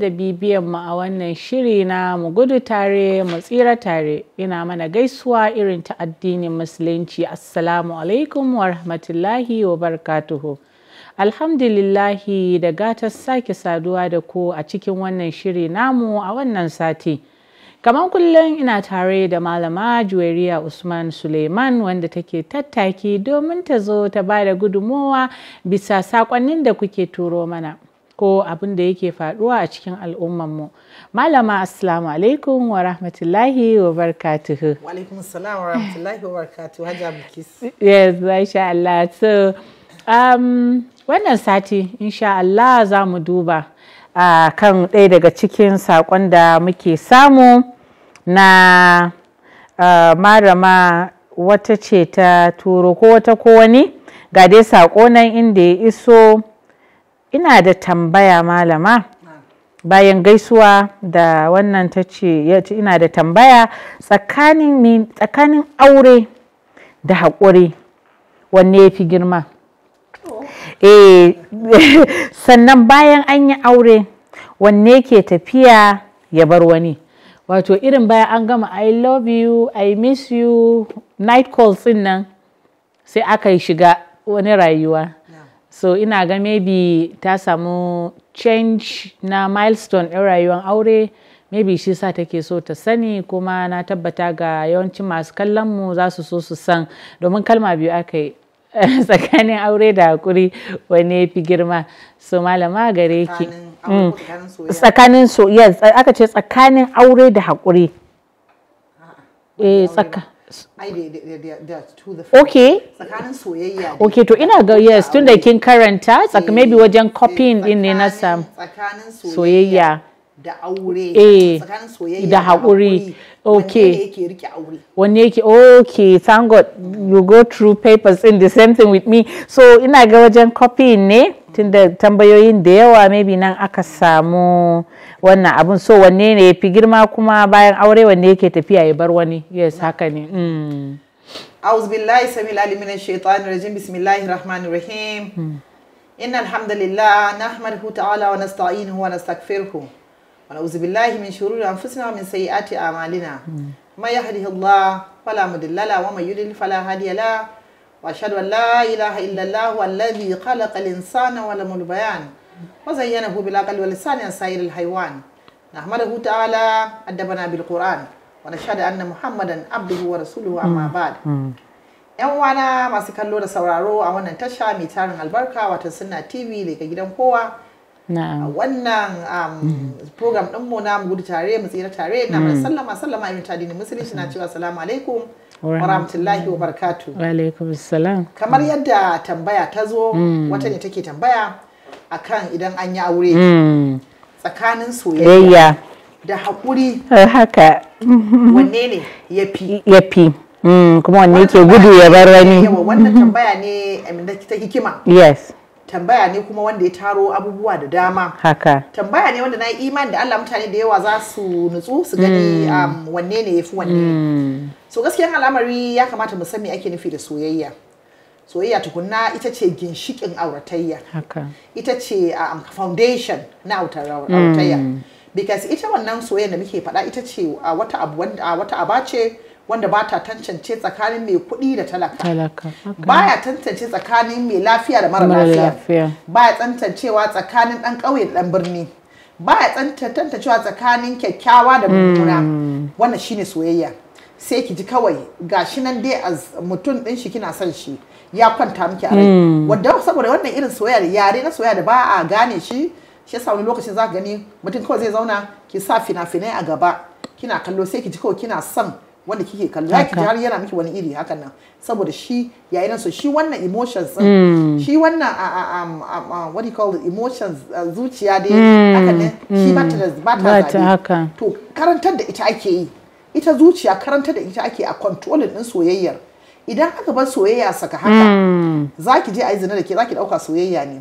da bibiyan mu a wannan shiri na mu gudu tare mu tsira tare ina mana gaisuwa irin ta addinin musulunci assalamu alaikum wa rahmatullahi wa barakatuhu alhamdulillahi da gatar sake saduwa da ku a cikin wannan shiri namu a wannan sati kamar kullum ina tare da malama juweriya usman suleiman wanda take tattaki domin ta zo ta ba da gudunmowa bisa saƙonnin da kuke turo mana ko abin da yake faduwa a cikin al'ummanmu. Malama Assalamu alaikum wa rahmatullahi wa barakatuhu. Wa alaikum wa rahmatullahi wa barakatuhu Hajja Bukis. Yes, Allah. So, um, wannan sati insha Allah za mu duba uh, kan ɗaya daga cikin saƙon da muke samu na uh, marama wata ce ta turo ko wata ko wani ga dai saƙo nan inda ya iso ina da tambaya malama bayan gaisuwa da wannan ta ce ina da tambaya tsakanin aure da haƙuri wanne ya fi girma eh, sannan bayan an yi aure wanne ke tafiya ya bar wani wato irin bayan an gama i love you i miss you night calls din nan sai aka yi shiga wani rayuwa so ina ga maybe ta samu change na milestone ɗin rayuwar aure maybe shi sa take so ta sani kuma na tabbata ga yawancin masu kallon mu za su so su san domin kalma biyu aka yi tsakanin aure da hakuri wani ya fi girma so malama gare ki tsakanin mm. so aka ce tsakanin aure da hakuri eh tsaka Okay. Okay, to ina ga yes, tun da kin karanta, eh, tsaka maybe wajen copying din ne na sam. Tsakanin soyayya. Da aure. Eh. Tsakanin soyayya da haƙuri. okay wanne yake okay thank god you go through papers in the same thing with me so ina ga wajen copying ne tunda tambayoyin da yawa maybe nan aka samu wannan abun so wanne ne ya fi girma kuma bayan aure wanne yake tafiya ya bar wani yes haka ne mm. أعوذ بالله سميع العليم من الشيطان الرجيم بسم الله الرحمن الرحيم إن الحمد لله نحمده تعالى ونستعينه ونستغفره na'uzu billahi min shururu an fusina min sai a ti amalina mai ya hadi hilla fala mu dillala wa mai yuli fala hadi wa shaɗu wa la'ayi la ha'i lallahu wa kala ƙalin sana wa lamun bayan wa zai yana hu sani an sayi lal haiwan na ahmadu hu ta'ala a daba na bil ƙoran wa na shaɗu an muhammadan abdullu wa rasulu wa mm, ba da mm. yan uwana masu kallo da sauraro a wannan tasha mai tarin albarka wata suna tv daga gidan kowa. wannan um, mm. program din mu na mu gudu tare mu tsira tare na mai mm. sallama sallama irin ta ne musulunci na cewa assalamu alaikum wa rahmatullahi wa barakatuh wa alaikum assalam kamar yadda tambaya ta zo mm. wata ne take tambaya akan idan an yi aure tsakanin soyayya da haƙuri eh, haka wanne ne ya fi ya fi kuma wanne ke gudu ya bar rani wannan tambaya ne ta hikima yes tambaya ne kuma wanda ya taro abubuwa da dama haka tambaya ne wanda na yi imani da Allah mutane da yawa za su nutsu su gani hmm. um, wanne ne ya fi wanne hmm. so gaskiya al'amari ya kamata mu san me ake nufi da soyayya soyayya tukunna ita ce ginshikin auratayya ita ce a um, foundation na auratayya hmm. because ita wannan soyayya da muke faɗa ita ce a uh, wata abu uh, ce wanda ba ta tantance tsakanin mai kuɗi da talaka baya tantance tsakanin mai lafiya da mara lafiya baya tantancewa tsakanin ɗan ƙauye da ɗan birni baya tantancewa tsakanin kyakkyawa da mummuna mm. wannan shine soyayya sai ki ji kawai gashi nan dai a mutum ɗin shi kina son shi ya kwanta miki a rai mm. wanda saboda wannan irin soyayya yare na soyayya da ba a gane shi shi yasa wani lokacin za ka gani mutum kawai zai zauna ki sa fina-finai a gaba kina kallo sai ki ji kawai kina son wanda kike kalla ki har yana miki wani iri hakan nan saboda shi irin so shi wannan emotions din hmm. shi wannan ah, ah, ah, what do you call it emotions zuciya dai hmm. hakan nan shi bata hmm. ta haka to karantar da ita ake yi ita zuciya karantar da ita ake a control din soyayyar idan aka bar soyayya saka haka za ki je a yi zina da ke za ki ɗauka soyayya ne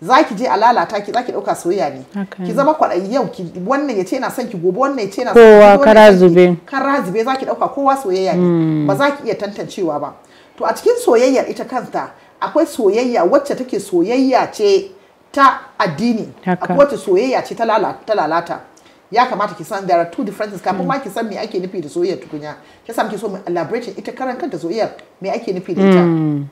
za ki je a lalata ki za ki ɗauka soyayya ne ki zama kwaɗayi yau ki wannan ya ce na son ki gobe wannan ya ce na son kowa kara zube kara zube za ki ɗauka kowa soyayya ne hmm. ba za ki iya tantancewa ba to a cikin soyayya ita kanta akwai soyayya wacce take soyayya ce ta addini akwai wacce soyayya ce ta lalata ya kamata ki san there are two differences kafin hmm. ma ki san me ake nufi da soyayya tukunya ki san ki so mu elaborate ita karan kanta soyayya me ake nufi da ita hmm.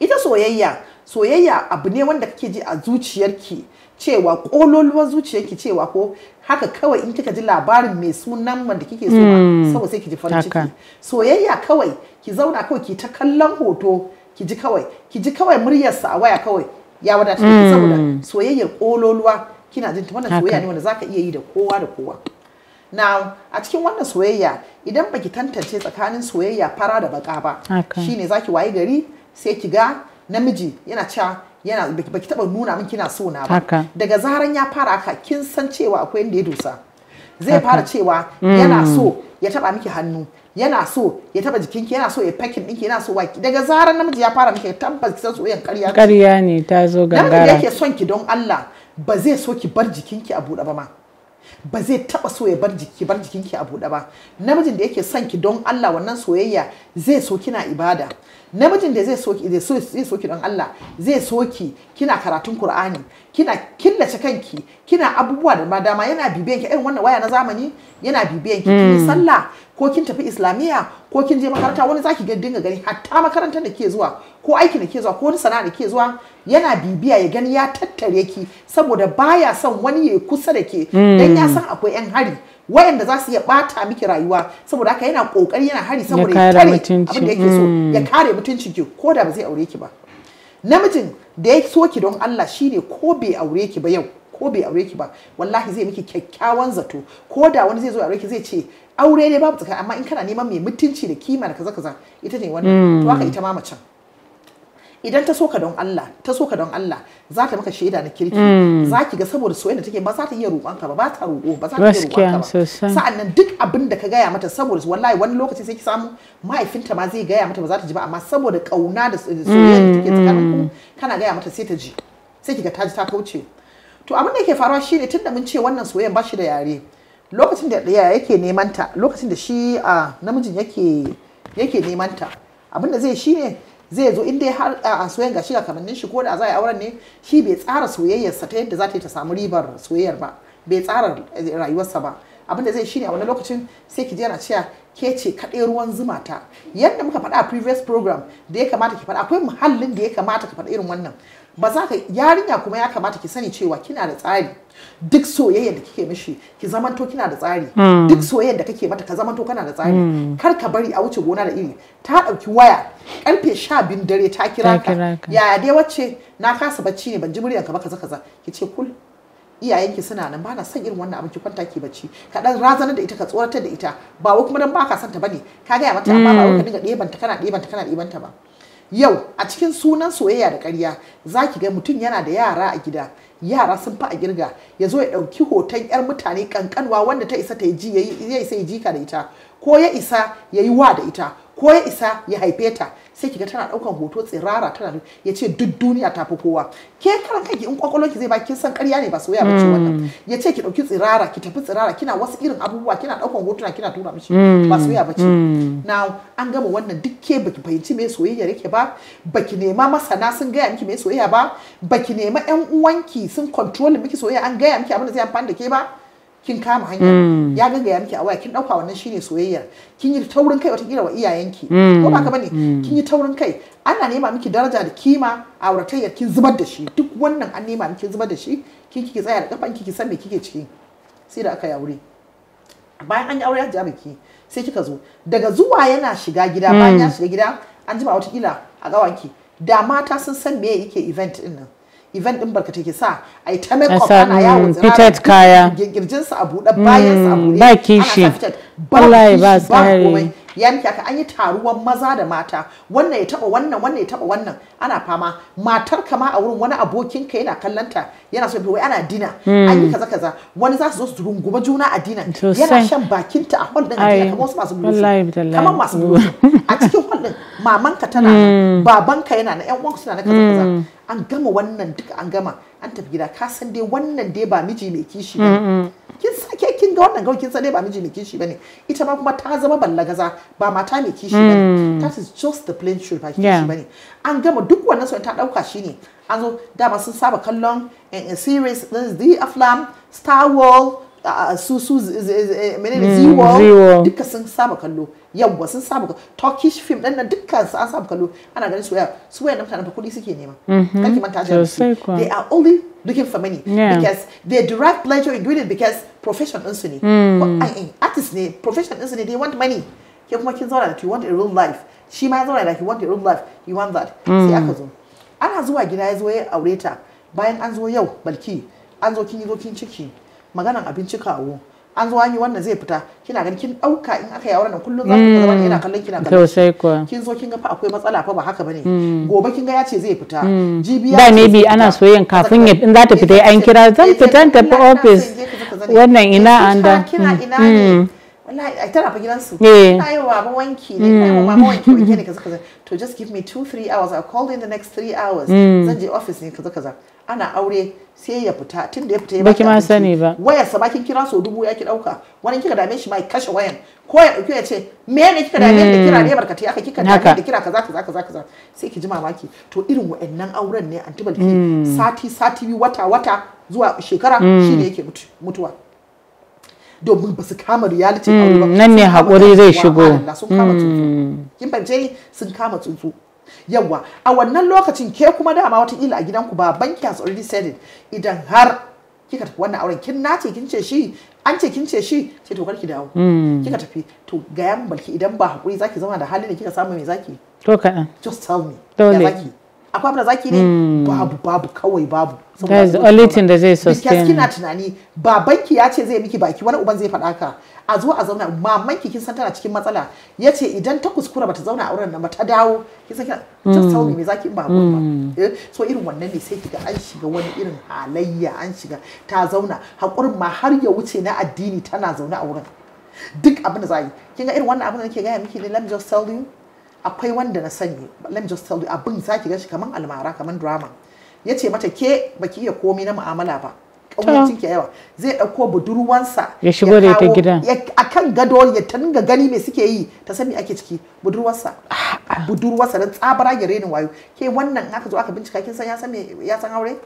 ita soyayya soyayya abu ne wanda kake ji a zuciyarki cewa kololuwar zuciyarki cewa ko haka kawai in kika ji labarin mai sunan wanda kike so saboda hmm. sai ki ji farin ciki soyayya kawai ki zauna kawai ki ta kallon hoto ki ji kawai ki ji kawai muryarsa a waya kawai ya wadata ki saboda hmm. soyayyar kololuwa kina jin wannan soyayya ne wanda zaka iya yi da kowa da kowa na a cikin wannan soyayya idan baki tantance tsakanin soyayya fara da baka ba shine zaki waye gari sai ki ga namiji yana cewa yana baki taba nuna min kina so na ba daga zaran ya fara haka kin san cewa akwai inda ya dosa zai fara cewa mm. yana so ya taba miki hannu yana so ya taba jikinki yana so ya fakin dinki yana so waki daga zaran namiji ya fara miki tabbas san yan ƙarya ƙarya ne ta zo gangara namiji yake son ki don Allah ba zai so ki bar jikinki a buɗe ba ma ba zai taba so ya bar jiki ki a bude ba namijin da yake son ki don Allah wannan soyayya zai so kina ibada namijin da zai so ki don Allah zai so ki kina karatun kur'ani kina killace kanki kina abubuwa da ma dama yana bibiyan ki irin wannan waya na zamani yana bibiyan ki hmm. sallah ko kin tafi islamiyya ko kin je makaranta wani zaki ga dinga gani hatta makarantar da ke zuwa ko aiki da ke zuwa ko wani sana'a da ke zuwa yana bibiya ya gani ya tattare ki saboda baya son wani ya kusa da ke hmm. dan ya san akwai yan hari wayanda za su iya bata miki rayuwa saboda haka yana kokari yana hari saboda ya kare abin da yake so hmm. ya kare mutuncin ki ko da ba zai aure ki ba namijin da ya so ki don Allah shine ko bai aure ki ba yau ko bai aure ki ba wallahi zai miki kyakkyawan zato ko da wani zai zo aure ki zai ce aure ne babu tsakani amma in kana neman mai mutunci da kima da kaza kaza ita ne wannan to haka ita ma macen idan ta soka don Allah ta soka don Allah za ta maka shaida na kirki mm. za ki ga saboda soyayya da take ba za ta iya roƙon ka ba ba ta roƙo ba za ta iya roƙon ka ba sa'annan duk abin da ka gaya mata saboda wallahi wani lokaci sai ki samu mahaifinta ma zai gaya mata ba za ta ji ba amma saboda kauna da soyayya da take tsakanin ku mm. kana gaya mata sai ta ji sai ki ga ta ji ta kauce to abin da yake faruwa shine tunda mun ce wannan soyayya ba shi da yare lokacin da ɗaya yake neman ta lokacin da shi a namijin yake yake neman ta abin da zai ne zai zo inda har a soyayya shi ga kamannin shi ko da za a yi auren ne shi bai tsara soyayyarsa ta yadda za ta yi ta samu ribar soyayyar ba bai tsara rayuwarsa ba abinda zai shine a wani lokacin sai ki je na cewa ke ce kaɗai ruwan zuma ta yadda muka faɗa a previous program da ya kamata ki faɗa akwai muhallin da ya kamata ka faɗa irin wannan ba za ka yarinya kuma ya kamata ki sani cewa kina da tsari duk soyayya da kike mishi ki zamanto kina da tsari hmm. duk soyayya da kake mata ka zamanto kana da tsari hmm. kar ka bari a wuce gona da iri ta dauki waya karfe sha bin dare ta kira ka yaya dai wacce na kasa bacci ne ban ji muryarka ba kaza kaza ki ce kul iyayen ki suna nan bana son irin wannan abin ki kwanta ki bacci ka dan razanar da ita ka tsoratar da ita ba wai kuma dan baka santa bane ka ga mata amma ba wai ka hmm. dinga ɗebanta kana ɗebanta kana ɗebanta ba yau a cikin sunan soyayya da ƙarya za ki ga mutum yana da yara a gida yara sun fi a girga ya zo ya ɗauki hoton 'yar mutane ƙanƙanwa wanda ta isa ta yi ji ya jika da ita ko ya isa ya yi wa da ita ko ya isa ya haife ta sai kiga tana daukan hoto tsirara tana ya ce duk duniya ta fi kowa ke karan kanki in kwakwalwar ki zai ba kin san ƙarya ne ba soyayya ba ce wannan mm. ya ce ki dauki tsirara ki tafi tsirara kina wasu irin abubuwa kina daukan na kina tura mishi ba mm. soyayya ba ce mm. na an gama wannan duk ke baki fahimci me soyayya yake ba baki nema masana sun gaya miki me soyayya ba baki nema yan uwanki sun control miki soyayya an gaya miki abin da zai amfani da ke ba kin kama hanya mm. ya gaga ya miki a waya kin dauka wannan shine soyayya kin yi taurin kai wata wa iyayenki mm. ko ba ka bane mm. kin yi taurin kai ana nema miki daraja da kima a auratayya kin zubar da shi duk wannan an nema miki zubar da shi kin kike tsaya da kafan kike san me kike ciki sai da aka yi aure bayan an yi aure ya biki sai kika zo daga zuwa yana shiga gida bayan ya shiga gida an jima wata kila a gawanki da mata sun san me yake event din nan event din barka take sa ai ta make up ana yawo fitat kaya girjin sa a buɗe bayan sa a buɗe mm, ba kishi wallahi ba tsari ya miki aka an yi taruwan maza da mata wannan ya taba wannan wannan ya taba wannan ana fama matar kama a wurin wani abokin ka yana kallanta yana so wai ana dina an yi mm. kaza kaza wani za su zo su guba juna a dina yana shan bakinta a hol din a kamar wasu masu bulutu kamar masu bulutu a cikin hol din mamanka tana mm. babanka yana na yan uwanka suna na kaza kaza an gama wannan duka an gama an tafi gida ka san dai wannan dai ba miji mai kishi ba kin sa ke kin ga wannan kin sa dai ba miji mai kishi bane ita ma kuma ta zama ballagaza ba mata mai kishi bane mm. that is just the plain truth ba kishi bane an gama duk wannan so ta dauka ne. an zo dama sun saba kallon in eh, eh, series din the aflam star wall Ah, ah, su su eh, menene hmm, ziwo duka sun saba kallo yawwa sun saba turkish film din nan dukkan su an saba kallo ana ganin su soyayya su wayan mutanen kuɗi suke nema mhm, kake manta da su they are only looking for money yeah. because they derive pleasure in doing it because profession din su ne hmm. artist ne profession din su ne they want money ke kuma kin zauna da you want a real life shi ma ya zauna da you want a real life you want that sai hmm. aka zo ana zuwa gida ya zo ya aure ta bayan an zo yau balki an zo kin yi zo kin ciki maganan abinci kawo an zuwa ni wannan zai fita kina gani kin dauka in aka yi auren kullun za ku zama yana kallon kina kallon sai ko kin zo kin ga fa akwai matsala fa ba haka bane gobe kin ga ya ce zai fita jibiya da maybe ana soyayya kafin ya in za ta fita an kira zan fita ta fi office wannan ina anda kina ina ne wallahi tana fa gidansu ina yi wa wanki ne ina yi wa mama wanki wanki ne kaza kaza to just give me two three hours I'll call in the next three hours hmm. zan je office ne kaza kaza ana aure sai ya fita tun da ya fita ya baki ma sani ba wayar sa bakin kira so dubu ya ki ɗauka. wani kika dame shi ma ya kashe wayan ko ya dauki ya ce me ne kika dame da kira ne hmm. barkatai aka kika dame da kira kaza kaza kaza kaza sai ki ji mamaki to irin wayannan auren ne antibal hmm. sati sati wata wata zuwa shekara shi ne yake mutuwa domin ba su kama reality aure ba mm, nan ne hakuri zai shigo mm. kin fahimce sun kama tsuntsu yawa a wannan lokacin ke kuma dama watakila a gidanku ba banki has already said it idan har kika tafi wannan auren kin nace kin ce shi an ce kin ce shi sai to ki dawo mm. kika tafi to ga yan balki idan ba hakuri zaki zama da halin da kika samu me zaki to ka just tell me ya zaki akwai abin da zaki ne hmm. babu babu kawai babu saboda only thing da zai sustain kina tunani babanki ya ce zai miki baki wani uban zai faɗa ka a zo a zauna mamanki kin san tana cikin matsala Yace idan ta kuskura bata zauna a wurin nan ba ta dawo kin san just hmm. tell me me zaki ba ba hmm. eh, so irin wannan ne sai kiga an shiga wani irin halayya an shiga ta zauna hakurin ma har ya wuce na addini tana zaune a wurin duk abin da za yi kin ga irin wannan abin da nake gaya miki ne let me just tell you akwai wanda na sani let me just tell you abin zaki gashi kaman almara kaman drama yace mata ke baki iya komi na mu'amala ba ƙaunancin ke yawa zai ɗauko budurwansa ya shigo da ita gidan a kan gado ya tanga gani me suke yi ta sani ake ciki budurwarsa ah, ah. budurwarsa don tsabara ya renin wayo ke wannan aka zo aka bincika kin san ya san aure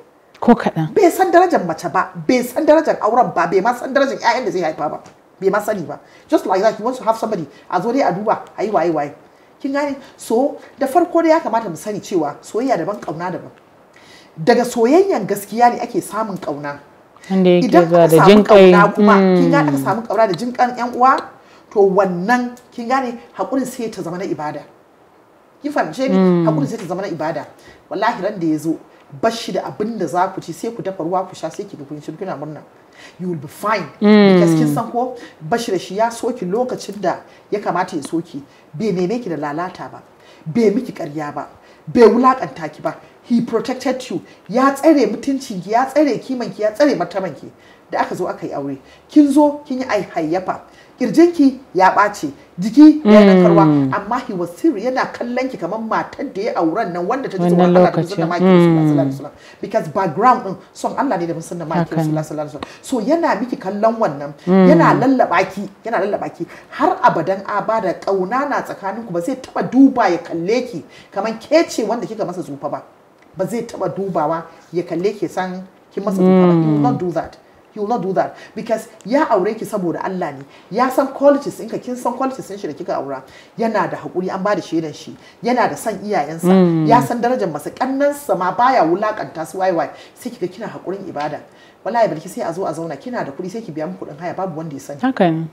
ko kaɗan bai san darajar mace ba bai san darajar auren ba bai ma san darajar ƴaƴan da zai haifa ba bai ma sani ba just like that you want to have somebody a zo dai a duba a yi waye waye kin gane so da farko da ya kamata mu sani cewa soyayya daban kauna daban daga soyayyan gaskiya ne ake samun kauna idan aka samu kauna kuma hmm. kin gane aka samu kauna da jin kan yan uwa to wannan kin gane hakuri sai ta zama na ibada kin fahimce ni hmm. hakuri sai ta zama na ibada wallahi ran da ya zo bashi da abin da za ku ci sai ku dafa ruwa ku sha sai ki ga kun kuna murna you will be fine because kin san ko bashi da shi ya soki lokacin da ya kamata ya soki bai neme ki da lalata ba bai miki karya ba bai wulakanta ki ba he protected you ya tsare mutuncin ki ya tsare kiman ki ya tsare martaban ki da aka zo aka yi aure kin zo kin yi hayyafa kirjinki ya ɓace jiki ya yi hmm. karwa amma he was siri yana kallon ki kamar matar da ya auren nan wanda ta ji tsoron Allah da sunna maki sallallahu alaihi hmm. wasallam because background din son Allah ne da sunna maki sallallahu alaihi wasallam so yana miki kallon wannan hmm. yana lallaba ki yana lallaba ki har abadan abada kauna na tsakanin ku ba zai taba duba ya kalle ki kamar kece wanda kika masa tsufa ba ba zai taba dubawa ya kalle ki san kin masa tsufa ba you not do that you will not do that because ya aure ki saboda Allah ne ya san qualities ka kin san qualities ɗin shi da kika aura yana da hakuri an ba da shaidan shi yana da san iyayensa hmm. ya san darajar masa sa ma baya wulakanta su wai wai sai kika kina hakurin ibada wallahi barki sai a zo a zauna kina da kuɗi sai ki biya mu kuɗin haya babu wanda ya sani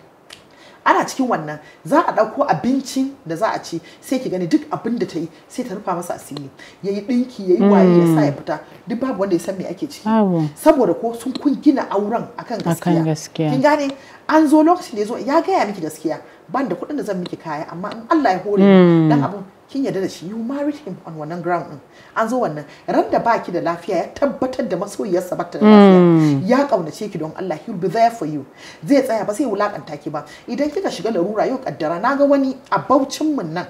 ana cikin wannan za a ɗauko abincin da za a ci sai ki gani duk abin da ta yi sai ta rufa masa asiri ya yi ɗinki ya yi waye ya sa ya mm. fita duk babu wanda ya san me ake ciki saboda ko sun kun gina auren akan gaskiya kin gane an zo lokacin da ya zo ya gaya miki gaskiya ban da kuɗin da zan miki kaya amma in Allah ya hore mm. dan abun kin yarda da shi you married him on wannan ground din an zo wannan ran da baki da lafiya ya tabbatar da masoyiyarsa ba ta da lafiya hmm. ya kaunace ki don Allah he will be there for you zai tsaya ba sai wulakanta ki ba idan kika shiga larura yau kaddara naga wani a baucin mun nan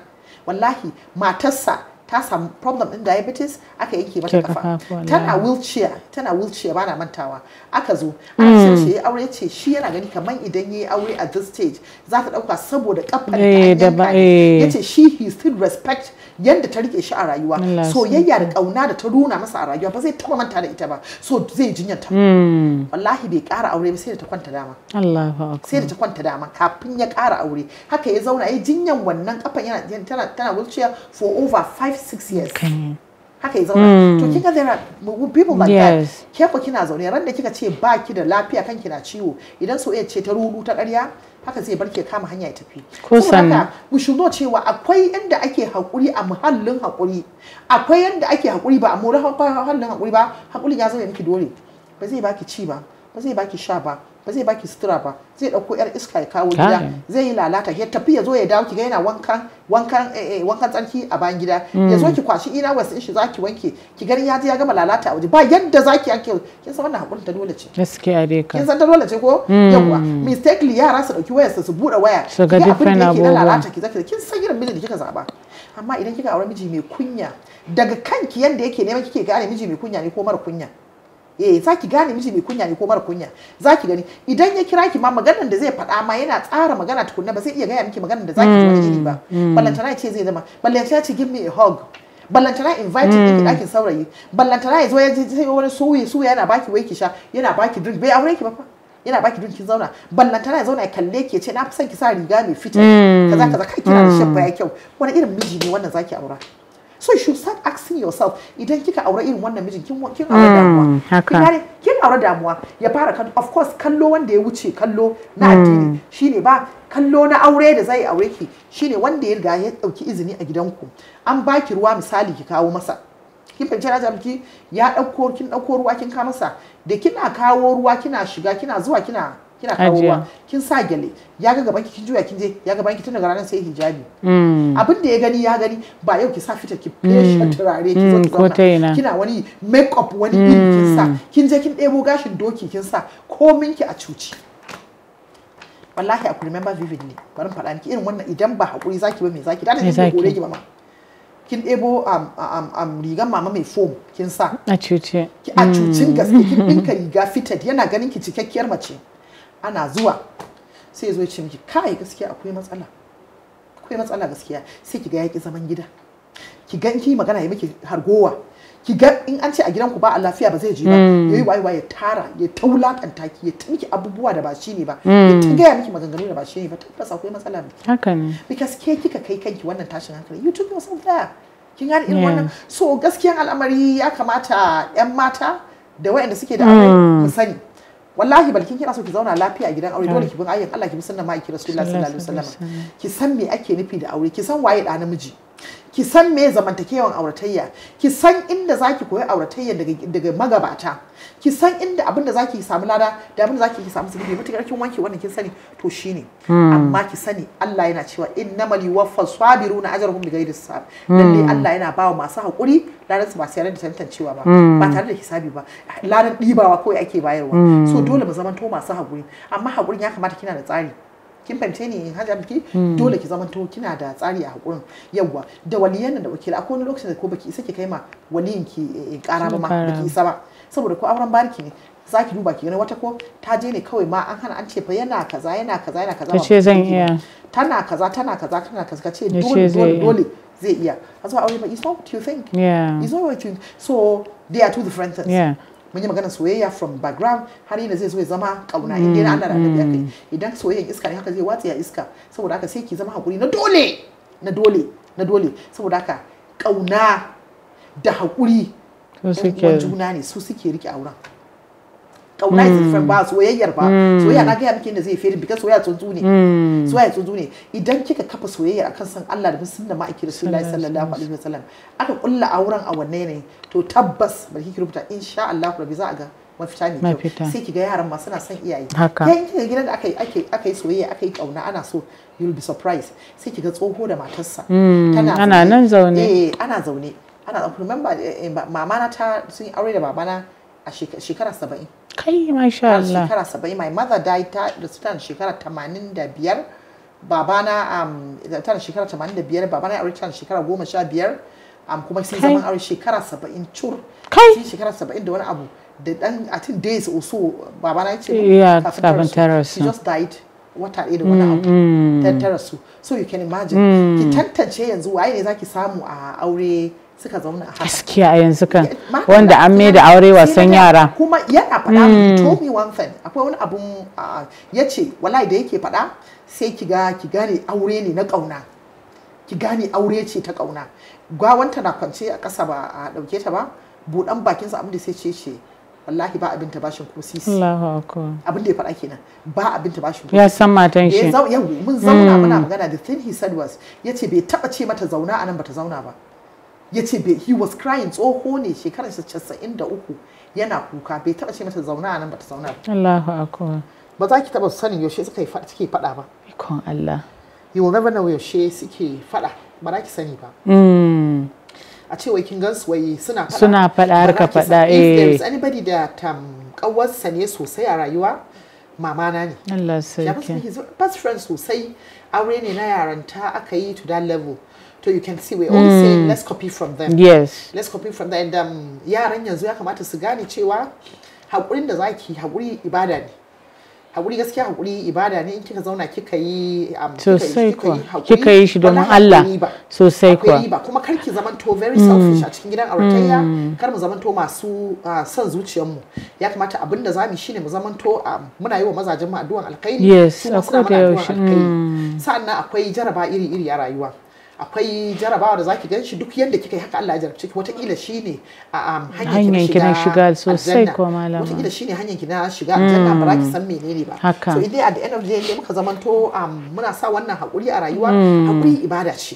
wallahi matarsa ta samu problem in diabetes aka yanke mata kafa tana wheelchair tana wheelchair bana mantawa aka zo ana mm. ce aure ce shi yana gani kamar idan yayi aure at this stage za ta dauka saboda kafar eh, Ya yace eh. shi he still respect yadda ta rike shi a rayuwa So yayya da kauna da ta runa masa a rayuwa ba zai taba manta da ita ba so zai ta mm. wallahi bai kara aure ba sai da ta kwanta dama sai da ta kwanta dama kafin ya kara aure haka ya zauna yayi jinyan wannan kafan yana tana tana wheelchair for over 5 six years haka ya zauna hmm. to kika zai are people like yes. that ke ku kina zaune ran da kika ce ba ki da lafiya kanki na ciwo idan so ce ta rudu ta ƙarya haka zai barke kama hanya ya tafi kusan sanna. ku shudo cewa akwai inda ake hakuri a muhallin hakuri akwai inda ake hakuri ba a muhallin hakuri ba Hakuri ya zama miki dole ba zai baki ci ba ba zai baki sha ba ba zai baki sutura ba zai dauko yar iska ya kawo gida zai yi lalata ya tafi ya zo ya dawo ki ga yana wankan wankan eh, eh, wankan tsarki a bayan gida ya zo mm. ki kwashi ina wasu shi zaki wanke ki gari ya ji ya gama lalata a waje ba yadda zaki yanke kin san wannan hakurin ta dole ce gaskiya dai ka kin san ta dole ce ko mm. yawa mistakely yara su dauki wayar su bude waya ki ga abin da yake lalata ki zaki kin san irin mijin da kika zaba amma idan kika aure miji mai kunya daga kanki yanda yake neman kike gane miji mai kunya ne ko mara kunya eh za ki gane miji mai kunya ne ko mara kunya za ki gani idan ya kira ki ma maganar da zai faɗa ma yana tsara magana tukunna ba zai iya gaya miki maganar da za ki ji wani ba mm, mm. ballantana ce zai zama ballantana ce give me a hug ballantana inviting ki mm. ɗakin saurayi ballantana ya zo ya je wani suya suya yana baki wai ki sha yana baki drink bai aure ki ba fa yana baki drink kin zauna ballantana ya zauna ya kalle ki ce na fi son ki sa riga mai fita kaza kaza kai kira da shabba ya kyau wani irin miji ne wannan zaki aura see yourself idan kika aure irin wannan mijin kin aure damuwa hmm, kin aure damuwa ya fara kan of course kallo wanda ya wuce kallo na hmm. addini shine ba kallo na aure da zai aure ki shine wanda ya riga ya dauki izini a gidanku an baki ruwa misali ki kawo masa kin fahimci na jamki ya dauko kin dauko ruwa kin kawo masa da kina kawo ruwa kina shiga kina zuwa kina kina kawo kin sa gyale ya ga gaban ki kin juya kin je ya gaban ki tana garanan ranar sai hijabi mm. abin da ya gani ya gani ba yau ki sa fita ki mm. fesha turare ki zo ki mm, zauna kina wani make up wani iri kin sa kin je kin debo gashin doki kin sa komin ki a cuci wallahi aku remember vividly bari faɗa miki irin wannan idan ba hakuri zaki ba me zaki da ne gore ki ba ma kin am um, um, um, rigan mama mai foam kin sa a cuce a cucin gaske kin ɗinka riga fitted yana ganin ki cikakkiyar mace ana zuwa sai zo ya ce miki kai gaskiya akwai matsala akwai matsala gaskiya sai ki ga yaki zaman gida ki ga ki magana ya miki hargowa ki ga in an ce a gidanku ba a lafiya ba zai je ba mm. yayi wai wai ya tara ya taulakanta ki ya tinki abubuwa da ba shi ne ba ya mm. gaya miki maganganu da ba shi ne ba tabbas akwai matsala ne haka ne because ke kika kai kanki wannan tashin hankali you took yourself there kin gane irin wannan so gaskiyan al'amari ya kamata yan mata da waɗanda suke da aure mu mm. sani wallahi bal kin kira so ki zauna lafiya a gidan aure dole ki bin ayyan Allah ki bi ma ma'aiki rasulullahi sallallahu alaihi wasallam ki san me ake nufi da aure ki san waye da namiji ki san me zamantakewan auratayya ki san inda zaki koyi auratayya daga magabata ki san inda abin da zaki samu lada da abin da zaki samu sabbi mutakar kin wanke wannan kin sani to shine hmm. amma ki sani Allah yana cewa innamal yuwaffas sabiruna ajrahum bighairi hisab dai hmm. Allah yana bawa masu hakuri ladan su ba sai da tantancewa ba hmm. ba tare da hisabi ba ladan dibawa kawai ake bayarwa so dole mu zamanto masu hakuri amma hakurin ya kamata kina da tsari kin fahimce ni hajja biki hmm. dole ki zamanto kina da tsari a hakurin yawwa da waliyan nan da wakila akwai wani lokacin da ko baki isa ki kai ma waliyin ki kara eh, ba ma baki isa ba saboda ko auren bariki ne za ki duba ki gani wata ko ta je ne kawai ma an hana an ce fa yana kaza yana kaza yana kaza ce zan iya tana kaza tana kaza tana kaza ka ce dole dole dole zai iya that's aure ba is not you think yeah is not you think so they are two different things yeah mun yi maganar soyayya from background har yana zai zo ya zama kauna in dai ana da idan soyayyan iska ne haka zai watsa iska saboda haka sai ki zama hakuri na dole na dole na dole saboda haka kauna da hakuri ke juna ne su suke rike auren kauna ce ba soyayyar ba mm. soyayya na gaya miki inda zai fere bikin soyayya tsuntsu ne mm. soyayya tsuntsu ne idan kika kafa soyayya akan san Allah da musulun da ma'aikin Rasulullahi sallallahu alaihi wa sallam. aka kulla auren a wannan yanayin to tabbas barki ki rubuta insha Allah rabbi za a ga mafita ne. kyau sai ki ga yaran ma suna son iyaye haka yayin kika gina da aka yi ake aka yi soyayya aka yi kauna ana so you will be surprised sai ki ga tsoho da matarsa mm. tana ana nan zaune eh ana zaune ana remember eh, mama na ta sun aure da babana a shekara saba'in kai masha Allah A shekara saba'in my mother died ta da su tana shekara tamanin da biyar babana um, tana shekara tamanin da biyar babana ya aure tana shekara goma sha biyar um, kuma sai zaman aure shekara saba'in cur kai Sai shekara saba'in da wani abu da dan a tin days or so babana ya ce kafin tara su she just died wata ɗaya da wani mm, abu mm. ta tara su so you can imagine ki mm. tantance yanzu waye ne zaki samu a aure suka zauna a haka gaskiya yanzu kan wanda an mai da aure wasan yara kuma yana faɗa hmm. told me one thing akwai wani abun yace wallahi da yake faɗa sai ki ga ki gane aure ne na ƙauna ki gane aure ce ta ƙauna wanta na kwance a ƙasa ba a ɗauke ta ba Budan bakinsa abin da sai ce ce wallahi ba abin ta bashin ko sisi abin da ya faɗa kenan ba abin ta bashin ya san matan shi yau mun zauna hmm. muna magana the thing he said was yace bai taba ce mata zauna anan bata zauna ba ya ce he was crying tsoho ne shi casa'in da uku yana kuka bai taba ce mata zauna nan ba ta zauna Allahu akbar ba za ki taɓa sanin yaushe suka yi faɗa suke fada ba ikon Allah you will never know yaushe suke faɗa ba za ki sani ba hmm. a ce wai kin gan su wai suna faɗa suna faɗa har ka fada eh there's anybody that um, kawar sane sosai a rayuwa mama na ne Allah sarki ya best friend sosai aure ne na yaranta aka yi to that level so you can see we're always mm. saying hmm. let's copy from them yes let's copy from them and um, yaran yanzu ya kamata su gane cewa haƙurin da zaki haƙuri ibada ne haƙuri gaskiya haƙuri ibada ne in kika zauna kika yi um, sosai kuwa kika yi shi domin Allah sosai kuwa akwai kuma kar ki zamanto very selfish hmm. a cikin gidan auratayya hmm. kar mu zamanto masu uh, son zuciyar mu ya kamata abin da zamu shine mu zamanto um, muna yi wa mazajen mu addu'an alkhairi yes akwai da yaushe sannan akwai jaraba iri iri a rayuwa akwai jarabawa da zaki gan shi duk yadda kika yi haka Allah ya jarabce ki wataƙila shi ne hanyar ki na shiga sosai ko malama wataƙila shi ne hanyar ki na shiga aljanna ba za ki mm. san menene ba haka so idai at the end of the day muka zamanto um, muna sa wannan haƙuri a rayuwa mm. haƙuri ibada ce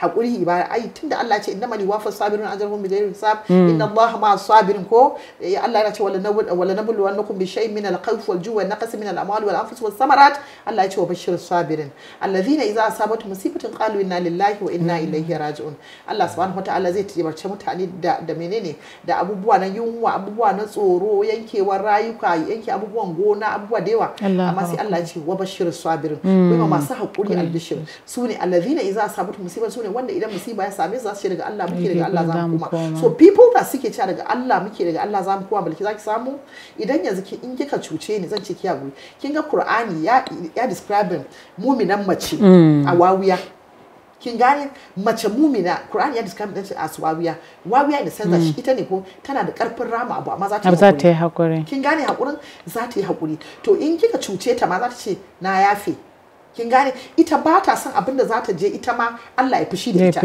hakuri ibada ai tunda Allah ce innamani wafa sabirun ajrahum ghairi hisab hmm. inna Allah ma sabirin ko eh, Allah ya ce wala nabul wala nabul wa nakum bi shay'in min al-khawf wal ju'i wa naqas min al-amwal wal anfus was samarat Allah ya ce wa bashir sabirin alladhina idza asabat musibatan qalu inna lillahi wa inna hmm. ilaihi raji'un Allah subhanahu wataala zai tibarce mutane da da menene da abubuwa na yunwa abubuwa na tsoro yankewar rayuka yanke abubuwan gona abubuwa da yawa amma sai Allah ya ce wa bashir sabirin hmm. kuma masu haƙuri albishir su ne alladhina idza asabat musibatan ne wanda idan musiba ya same za su ce daga Allah muke daga Allah za mu koma so people that suke cewa daga Allah muke daga Allah za mu koma balki zaki samu idan yanzu ki in kika cuce ni zan ce ki guri kin ga Qur'ani ya ya describe muminan mace mm. a wawiya kin gane mace mumina Qur'ani ya describe ta as wawiya wawiya da sense shi mm. ita ne ko tana da karfin rama abu amma za ta za ta yi hakuri kin gane hakurin za ta yi hakuri to in kika cuce ta ma za ta ce na yafe kin gane ita ba ta son abin da za ta je ita ma Allah ya fushi da ita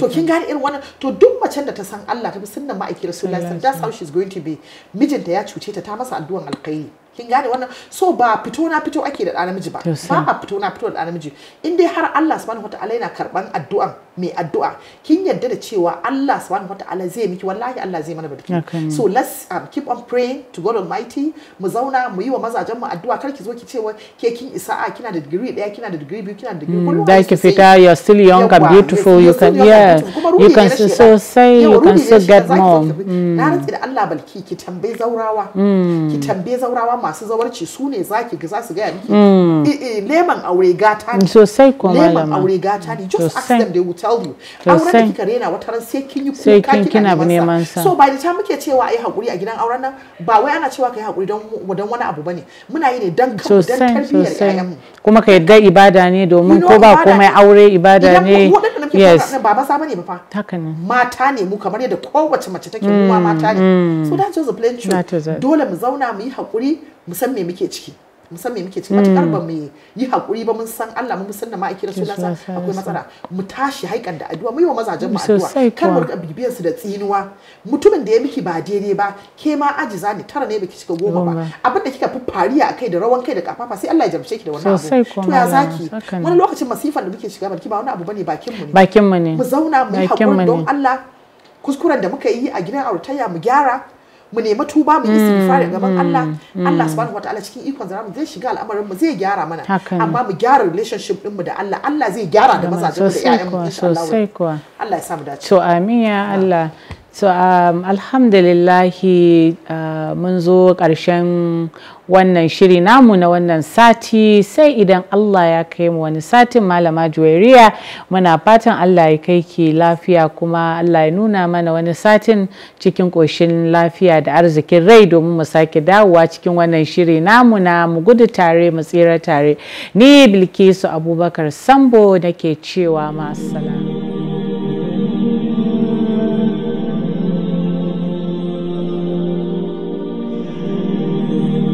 to kin gane irin wannan to duk mace da ta san Allah ta bi sunnan ma'aikin Rasulullahi sallallahu alaihi wasallam that's how she's going to be mijinta ya cuce ta ta masa addu'an alkhairi kin gane wannan so ba fito na fito ake da ɗan namiji ba ba a fito na fito da ɗan namiji in dai har Allah subhanahu wataala yana karban addu'an mai addu'a kin yarda da cewa Allah subhanahu wataala zai miki wallahi Allah zai mana barki so let's um, keep on praying to God almighty mu zauna mu yi wa mazajen mu addu'a kar ki zo ki ce wai ke kin isa a kina da degree daya kina da degree biyu kina da degree hmm, kullum da ki fita are still young and beautiful you can yeah you can so say you can still get more na rantsi da Allah balki ki tambaye zaurawa hmm. ki tambaye zaurawa masu zawarci su ne za ki ga za su gaya miki neman hmm. eh, eh, aure gata ne sosai ko neman aure gata ne just ask them they will tell you auren da kika rena wata ran sai kin yi kuka kina neman sa so by the time muke cewa ai hakuri a gidan auren nan ba wai ana cewa kai hakuri don don wani abu bane muna yi ne dan dan tarbiyyar ƴaƴanmu kuma ka yadda ibada ne domin ko ba komai aure ibada ne yes ba ba bane ba fa haka ne mata ne mu kamar yadda kowace mace take kuma hmm, mata ne so hmm. that's just a plain truth dole mu zauna mu yi hakuri Musamman me muke ciki Musamman me muke ciki hmm. matukar ba mu yi hakuri ba mun san Allah mun san da ma'aiki sa akwai matsala mu tashi haikan da addu'a mu yi wa mazajen mu addu'a kar mu ga bibiyan su da tsinuwa mutumin da ya miki ba daidai ba ke ma ajiza ne tara ne baki cika goma ba abin da kika fi fariya akai da rawan kai da kafafa sai Allah ya jamshe ki da wannan abu to ya zaki wani lokacin masifan da muke shiga barki ba wani abu bane bakin mu ne bakin mu ne mu zauna mu yi hakuri don Allah kuskuren da muka yi a gidan auratayya mu gyara mu nemi tuba mu yi istighfar gaban mm, Allah mm, mm. Allah subhanahu wataala cikin ikon zaramu zai shiga al'amarin mu zai gyara mana amma mu gyara relationship din mu da Allah Allah zai gyara da mazajen da ƴaƴan mu insha Allah Allah ya sa dace to amin ya Allah so um, alhamdulillahi uh, mun zo ƙarshen wannan shiri namu na wannan sati sai idan allah ya kai mu wani satin malama juwairiya muna fatan allah ya kai ki lafiya kuma allah ya nuna mana wani satin cikin ƙoshin lafiya da arzikin rai domin mu sake dawowa cikin wannan shiri namu na mu gudu tare mu tsira tare ni bilkisu abubakar sambo nake cewa salama.